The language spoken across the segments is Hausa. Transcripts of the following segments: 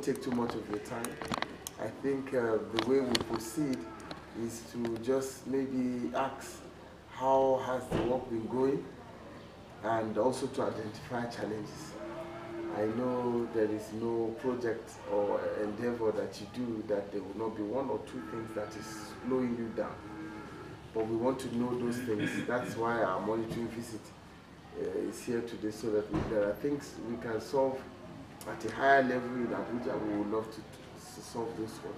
won't take too much of your time. I think uh, the way we proceed is to just maybe ask how has the work been going and also to identify challenges. I know there is no project or endeavor that you do that there will not be one or two things that is slowing you down. But we want to know those things. That's why our monitoring visit uh, is here today so that if there are things we can solve at a higher level in Abuja, we would love to solve this one,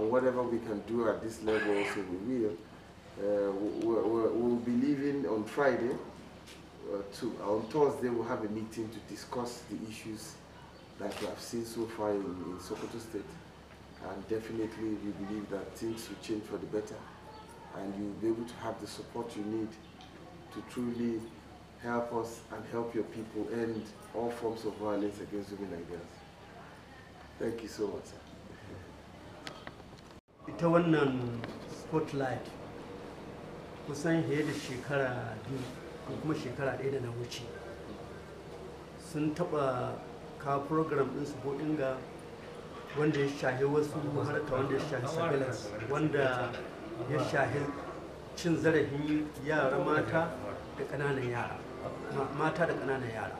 And whatever we can do at this level also we will. Uh, we, we, we'll be leaving on Friday. Uh, to, on Thursday we'll have a meeting to discuss the issues that we have seen so far in, in Sokoto State. And definitely we believe that things will change for the better and you'll be able to have the support you need to truly help us and help your people end all forms of violence against women and girls. Thank you so much. Ita wannan spotlight kusan fiye da shekara biyu ko kuma shekara ɗaya da na wuce sun taɓa ka program ɗin su inga wanda ya shahi wasu harka wanda ya shahi surveillance wanda ya shahi cin zarafin yara mata da ƙananan yara mata da ƙananan yara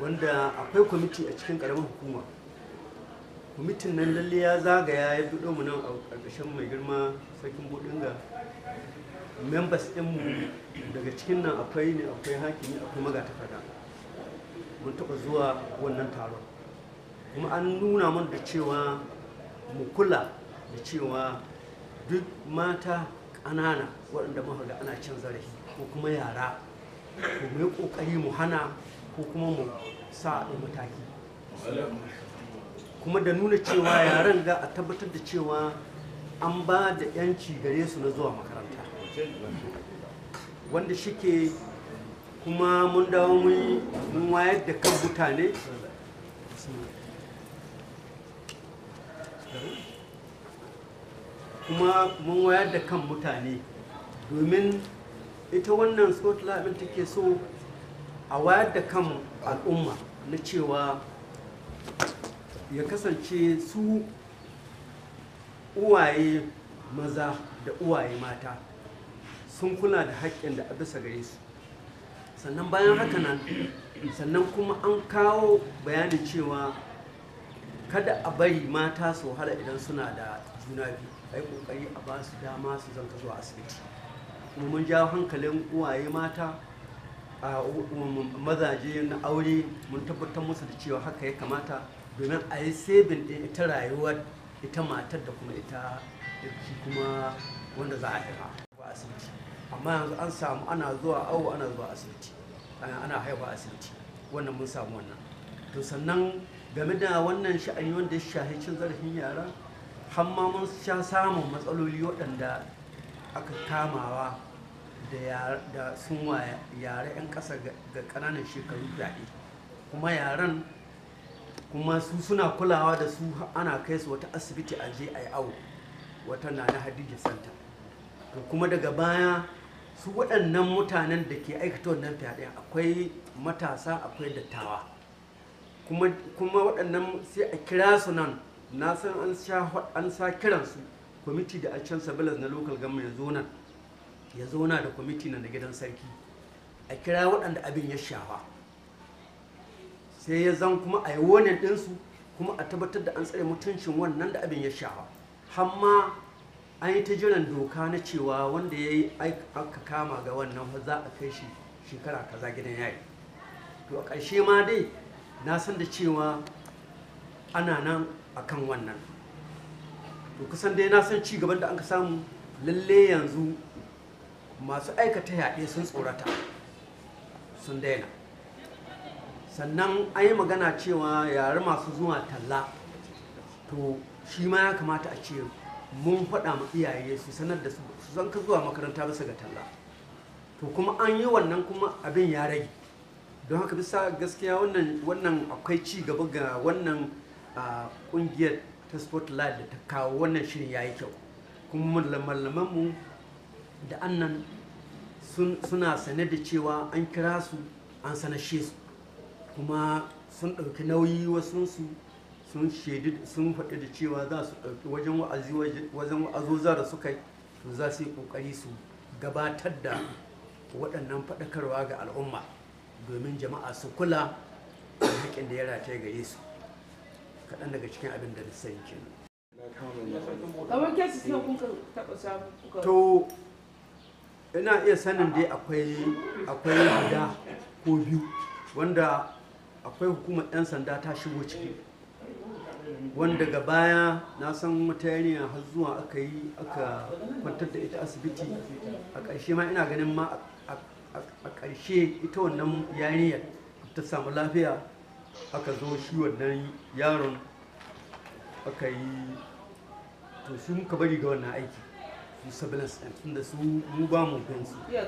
wanda akwai kwamiti a cikin ƙaramin hukuma kwamitin nan lalle ya zagaya ya bi mu nan a ƙarƙashin mai girma sarkin budinga members ɗinmu daga cikin nan akwai ne akwai hakimi akwai magatakarda mun taɓa zuwa wannan taron kuma an nuna mana da cewa mu kula da cewa duk mata ƙanana waɗanda muka ana cin zarafi ko kuma yara to mu kokari mu hana ko kuma mu sa a mataki kuma da nuna cewa yaren ga a tabbatar da cewa an ba da yanci gare su na zuwa makaranta wanda shike kuma mun dawo mun wayar da kan mutane kuma mun wayar da kan mutane domin ita wannan scotland ɗin take so a wayar da kan al'umma na cewa ya kasance su uwaye maza da uwaye mata sun kula da haƙƙin da a bisa gare su sannan bayan haka nan sannan kuma an kawo bayanin cewa kada a bari mata su wahala idan suna da juna biyu a yi ƙoƙari a ba su dama su zanta zuwa asibiti kuma mun jawo hankalin uwaye mata a mazaje na aure mun tabbatar musu da cewa haka ya kamata domin a yi sabin ɗin ita rayuwar ita matar da kuma ita shi kuma wanda za a haifa a asibiti amma yanzu an samu ana zuwa awo ana zuwa asibiti ana haifa asibiti wannan mun samu wannan to sannan game da wannan sha'ani wanda ya shahi cin zarafin yara har ma mun sha samun matsaloli waɗanda aka kamawa da sun wa yare 'yan ƙasa ga ƙananan shekaru fyaɗe kuma yaren kuma su suna kulawa da su ana kai su wata asibiti a je a yi awo wata na na hadijin santa to kuma daga baya su waɗannan mutanen da ke aikata wannan fyaɗe akwai matasa akwai dattawa kuma waɗannan sai a kira su nan na san an sha kiransu kwamiti da a can sabilas na local government ya ya zauna da kwamiti na gidan sarki a kira waɗanda abin ya shafa sai ya zan kuma a yi wonin ɗinsu kuma a tabbatar da an tsare mutuncin wannan da abin ya shafa hamma an yi ta jiran doka na cewa wanda ya yi aka kama ga wannan za a kai shi shekara kaza gidan yayi to a ƙarshe ma dai na san da cewa ana nan akan wannan to kusan dai na san cigaban da an ka samu lalle yanzu masu aikata yaɗe sun tsorata sun daina sannan an yi magana cewa yare masu zuwa talla to shi ma ya kamata a ce mun faɗa ma iyaye su sanar da su zan ka zuwa makaranta bisa ga talla to kuma an yi wannan kuma abin ya rage don haka bisa gaskiya wannan akwai ci gaba ga wannan kungiyar ah, ta spotlight da ta kawo wannan shirin ya yi kyau kuma malamanmu da annan suna sane da cewa an kira su an sanashe su kuma sun ɗauki nauyi wasunsu sun shaidu sun faɗi da cewa za su ɗauki wajen wa'azoza da suka yi to za su yi ƙoƙari su gabatar da waɗannan faɗakarwa ga al'umma domin jama'a su kula da haƙƙin da ya rataye gare su kaɗan daga cikin abin da sani ke kamar kesi ne taɓa samu to ina iya sanin dai akwai akwai guda ko biyu wanda akwai hukumar 'yan sanda ta shigo ciki wanda ga baya na san wata yarinya har zuwa aka yi aka kwantar da ita asibiti a ƙarshe ma ina ganin ma a ƙarshe ita wannan yarinyar ta samu lafiya aka zo shi wannan yaron aka yi to shi muka bari ga wannan aiki su surveillance ɗin inda su mu ba mu gansu ya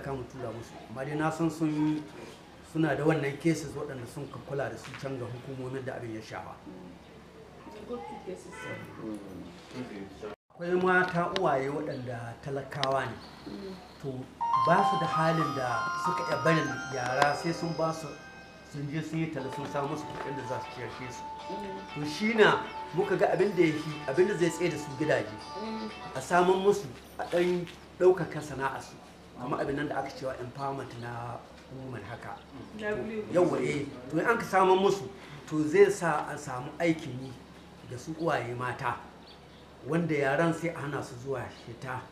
ka mu tura musu amma dai na san sun suna da wannan cases waɗanda sun ka kula da su can ga hukumomin da abin ya shafa akwai mata uwaye waɗanda talakawa ne mm. to ba su da halin da suka iya barin yara sai sun ba su sun je sun yi tala sun samu su kuɗin da za su shi su mm. to shi na muka ga abin da yake abin zai tsaye da su gidaje mm. a saman musu a ɗan ɗaukaka sana'a su amma abin nan da aka cewa empowerment na woman haka yawa eh to in an ka samun musu to zai sa a samu aikin yi da su uwaye mata wanda yaran sai a hana su zuwa shita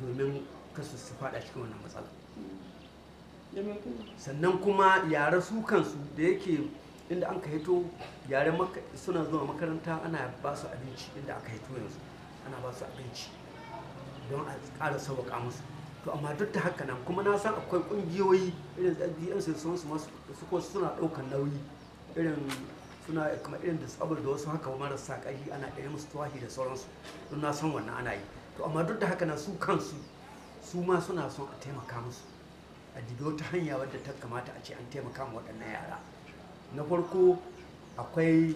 domin kasu su faɗa cikin wannan matsala mm. sannan kuma yare su kansu da yake inda an ka hito yare suna zuwa makaranta ana ba su abinci inda aka hito yanzu ana ba su abinci don a ƙara sauwaƙa musu to amma duk da haka nan kuma na san akwai ƙungiyoyi irin yan sun su masu suna ɗaukar nauyi irin suna kuma irin da tsabar da wasu haka marasa ƙari ana ɗaya musu tuwahi da sauransu don na san wannan ana yi to amma duk da haka nan su kansu su ma suna son a taimaka musu a dibi wata hanya wadda ta kamata a ce an taimaka ma waɗannan yara na farko akwai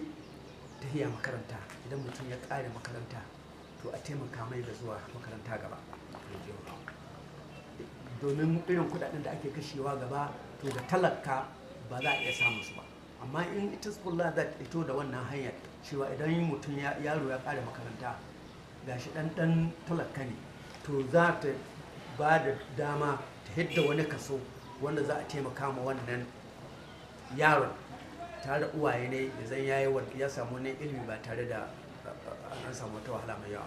tahiya makaranta idan mutum ya ƙare makaranta to a taimaka mai da zuwa makaranta gaba domin irin kuɗaɗen da ake kashewa gaba to da talaka ba za a iya samun su ba amma in ita sulla za ta ito da wannan hanyar cewa idan mutum yaro ya ƙare makaranta gashi ɗan ɗan talaka ne to za ta ba da dama hidda wani kaso wanda za a taimaka ma wannan yaron tare da uwaye ne da zan yayi ya samu wani ilimi ba tare da an samu ta wahala mai yawa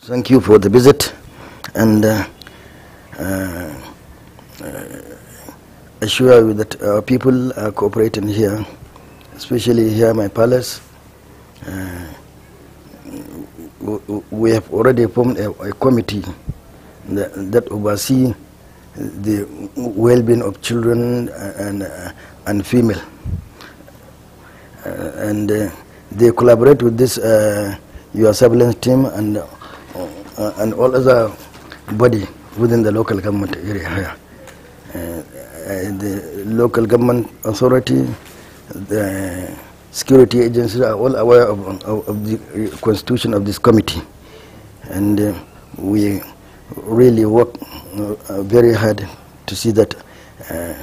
Thank you for the visit and uh, uh, assure you that our people are cooperating here, especially here my palace. Uh, we have already formed a, a committee that, that oversees the well-being of children and, uh, and female. Uh, and uh, they collaborate with this uh, your surveillance team and, uh, and all other body within the local government area uh, the local government authority, the security agencies are all aware of, of, of the constitution of this committee. And uh, we really work uh, very hard to see that uh,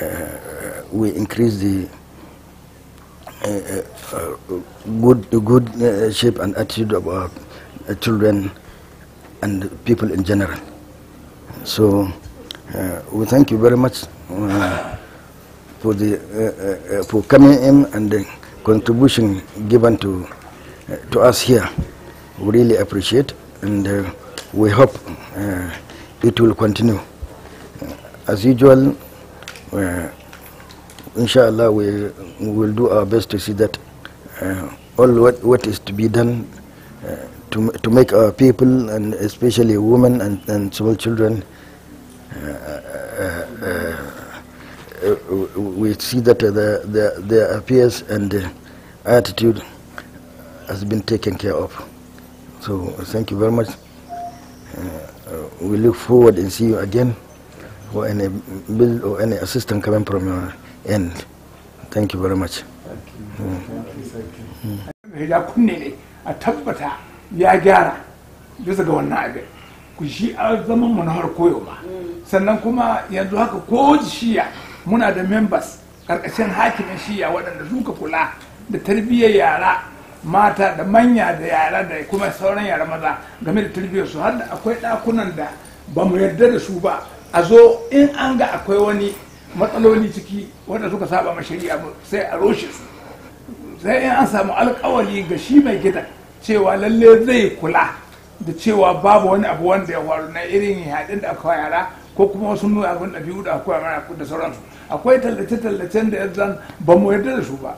uh, we increase the uh, good, good shape and attitude of our children and people in general. So we thank you very much for, the, uh, uh, uh, for coming in and the contribution given to, to us here. We really appreciate and we hope it will continue. As usual, inshallah, we, will do our best to see that all what, what is to be done uh, to, to make our people and especially women and, and small children Uh, we see that the, uh, the, their appearance and uh, attitude has been taken care of. So thank you very much. we look forward and see you again for any bill or any assistance coming from your end. Thank you very much. Thank you. ne a tabbata ya gyara bisa ga wannan abin. Ku shi a zaman mu na harko yau ma. Sannan kuma yanzu haka ko shiya muna da members karkashin hakimin shiya waɗanda suka kula da tarbiyyar yara mata da manya da yara da kuma sauran yara maza game da tarbiyyar su har da akwai ɗakunan da ba mu yarda da su ba a zo in an ga akwai wani matsaloli ciki wanda suka saba ma shari'a sai a roshe su sai in an samu alkawari ga shi mai gida cewa lalle zai kula da cewa babu wani abu wanda ya faru na irin yaɗin da aka yara ko kuma wasu nuna abin biyu da aka mara da sauransu akwai tallace-tallacen da yanzu ba mu yarda da su ba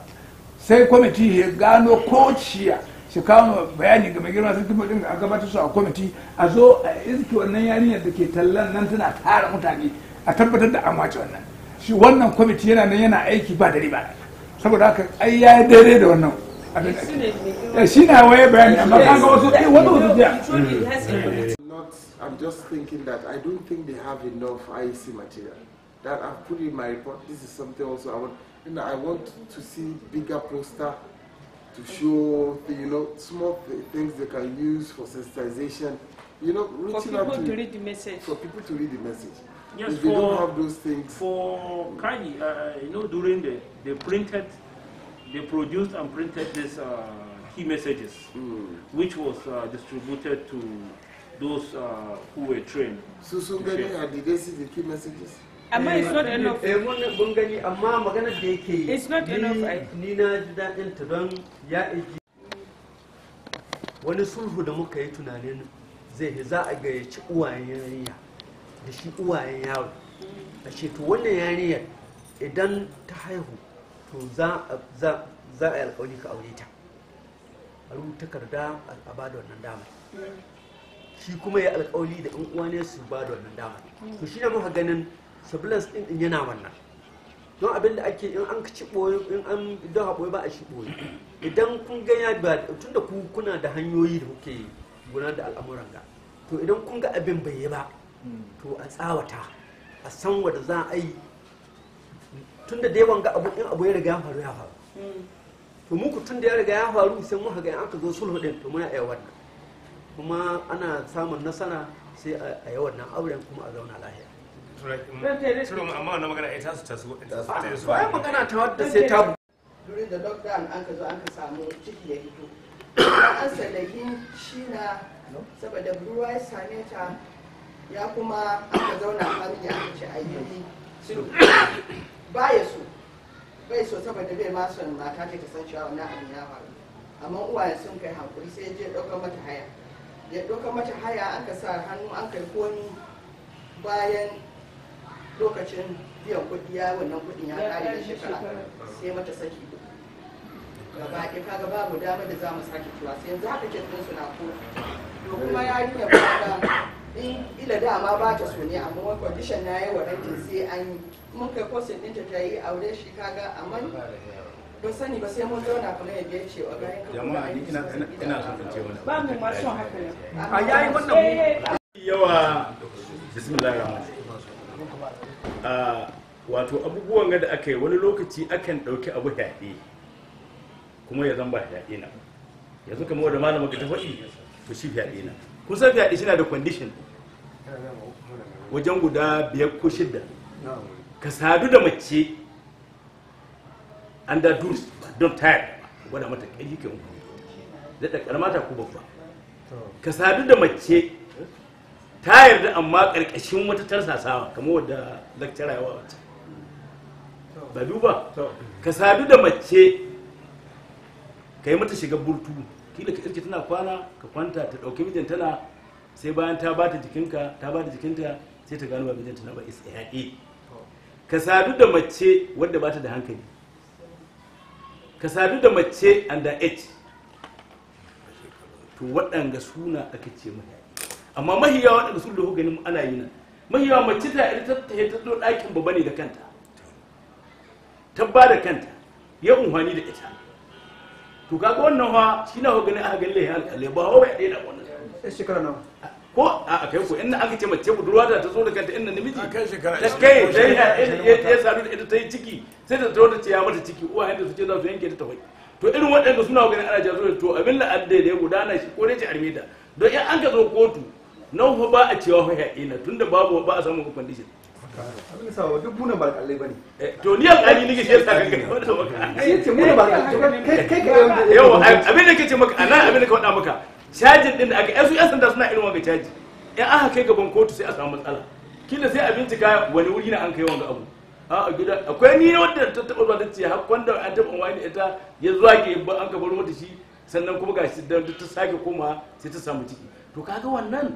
sai kwamiti ya gano ko ciya shi kawo bayani ga mai girma sarki ɗin a gabatar su a kwamiti a zo a iske wannan yarinyar da ke tallan nan tana tara mutane a tabbatar da an wace wannan shi wannan kwamiti yana nan yana aiki ba dare ba saboda haka ai ya yi daidai da wannan abin da shi na eh, waye bayani amma kan ga wasu eh, wani wasu jiya I'm just thinking that I don't think they have enough IEC material. that I've put in my report. This is something also I want. You know, I want to see bigger poster to show, the, you know, small things they can use for sensitization. You know, reaching out to, to read the message. For people to read the message. Yes, if for, don't have those things. For Kaji, uh, uh, you know, during the they printed, they produced and printed this uh, key messages, mm. which was uh, distributed to those uh, who were trained. So, so many, did they see the key messages? amma it's not enough eh mun mun gani amma maganar da yake it's not enough ni na ji dadin ta don ya iji wani sulhu da muka yi tunanin zai za a gayyaci uwayen yarinya da shi uwayen yaro a ce to wannan yarinyar idan ta haihu to za a yi alkawari ka aure ta a rubuta takarda a ba da wannan damar mm. shi kuma ya alkawari da in uwa ne su ba da wannan damar to shi ne muka ganin surveillance din din yana wannan don abin da ake in an ci ɓoye in an don haɓoye ba a shi ɓoye idan kun ga ya ba tun da kuna da hanyoyi da kuke gudanar da al'amuran ga to idan kun ga abin bai yi ba to a tsawata a san wanda za a yi tun da yawan ga abu in abu ya riga ya faru ya faru to muku tun da ya riga ya faru sai muka ga in aka zo sulhu din to muna iya wannan kuma ana samun nasara sai a yi wannan auren kuma a zauna lahiya turo mu um, um, amma wannan magana ita eh, su tasu su magana ta wadda sai ta durin da lockdown an ka zo an ka samu ciki ya fito an sallakin shi na saboda ruwa ya same ta ya kuma zauna ce ayyuki su ba ya so bai so saboda bai ma son mata ta san cewa wannan abin ya faru amma uwaye sun kai hankuri sai je ɗaukar mata haya ya ɗaukar mata haya an ka sa hannu an kai komi bayan lokacin biyan kuɗi ya wannan kuɗin ya kare da shekara sai mata saki gaba ɗaya kaga babu dama da za mu sake tuwa sai yanzu haka ke tun suna ko to kuma eh. yarinya ba in ila dama ba ta so ne amma wani condition na yi wa wadantin sai an yi mun kai kosin ɗinta ta yi aure shi kaga amma ba sani ba sai mun zauna kuma ya biya cewa ga ina son ce ba mu ma haka ne ah, a yayi wannan eh. yawa bismillahirrahmanirrahim a wato abubuwan da aka yi wani lokaci akan ɗauki abu haɗe kuma ya zan ba yaɗe na yanzu kamar wadda malama ka ta faɗi to shi haɗe na kusan haɗe shi na da kwandishin wajen guda biyar ko shidda ka sadu da mace an da dus don tayar gwada mata ke wani zai da ƙarmata ku babba ka sadu da mace ta yarda amma ƙarƙashin wata tarsasawa kamar wadda lakcara yawa wata ba duba ka sadu da mace ka yi mata shiga burtu kila ka irke tana kwana ka kwanta ta ɗauki mijin tana sai bayan ta bata jikinka ta bata jikinta sai ta gano ba mijin tana ba ishaƙi ka sadu da mace wadda bata da hankali ka sadu da mace under age to waɗanga suna aka ce mahaifi amma mahiya waɗanda sun da ganin ana yi nan mahiya mace ta ita ta ta zo ɗakin babba ne da kanta tabba da kanta ya unhwani da ita to kaga wannan fa shi na ganin aka ganin lahi alƙalai ba hawa ya ɗaya da wannan shekara nawa ko a kai ko inda aka ce mace budurwa da ta zo da kanta ina namiji kai shekara ta kai ta ya sadu da ita ta yi ciki sai ta zo da ce ya mata ciki uwa yadda su ce za su yanke ta ta wai to irin waɗanda suna ganin ana jazo to abin la'adda da ya gudana shi ko ne ce armida don in an ka zo kotu nan ba a cewa fa yaƙi na tunda babu ba a samu condition dishin abin da eh, kace maka anan abin da ka faɗa maka cajin da aka yasu yan sanda suna irin wanga caji in aka kai gaban kotu sai a samu matsala kila sai a bincika wani wuri na an kai wanga abu a gida akwai ni wanda ta taɓa zuwa ta ce har wanda an taɓa wani ita ya zuwa ke an ka baro mata shi sannan kuma ga shi da ta sake koma sai ta samu ciki to kaga wannan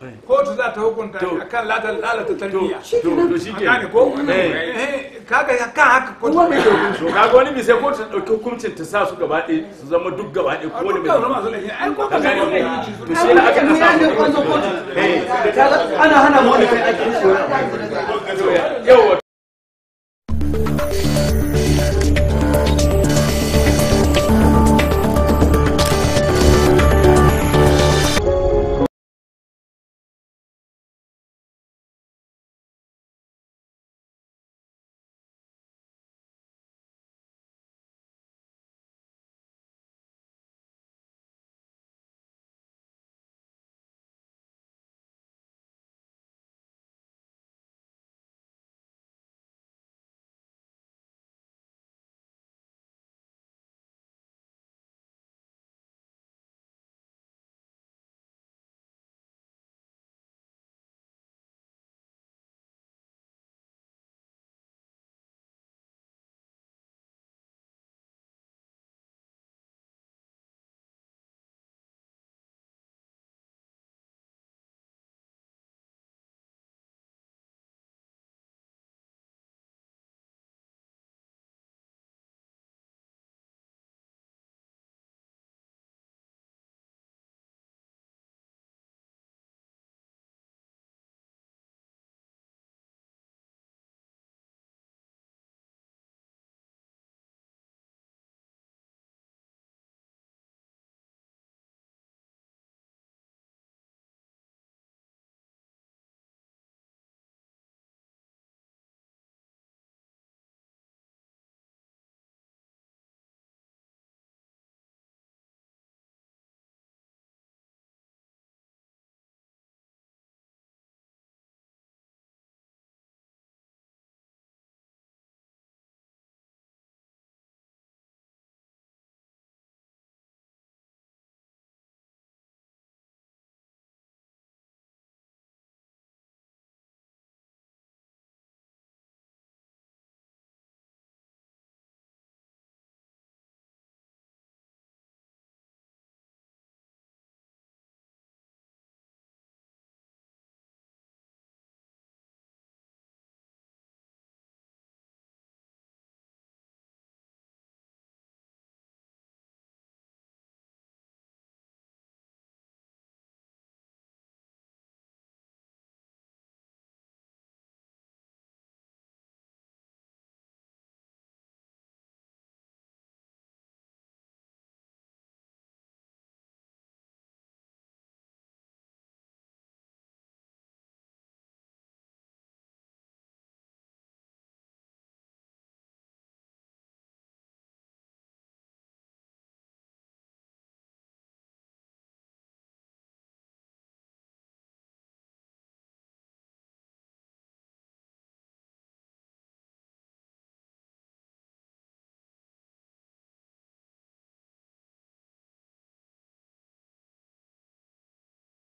Eh. kotu za ta hukunta a kan lalata tarbiya to shi ke gane ko eh. Eh, kaga ka haka kotu wani mai dokin so kaga wani bi sai kotu ta dauki hukuncin ta sa su gaba ɗaya su zama duk gaba ɗaya ko wani mai ai ko ka ne to shi ne aka nasa ne kotu ana hana mu ne kai ake shi yawa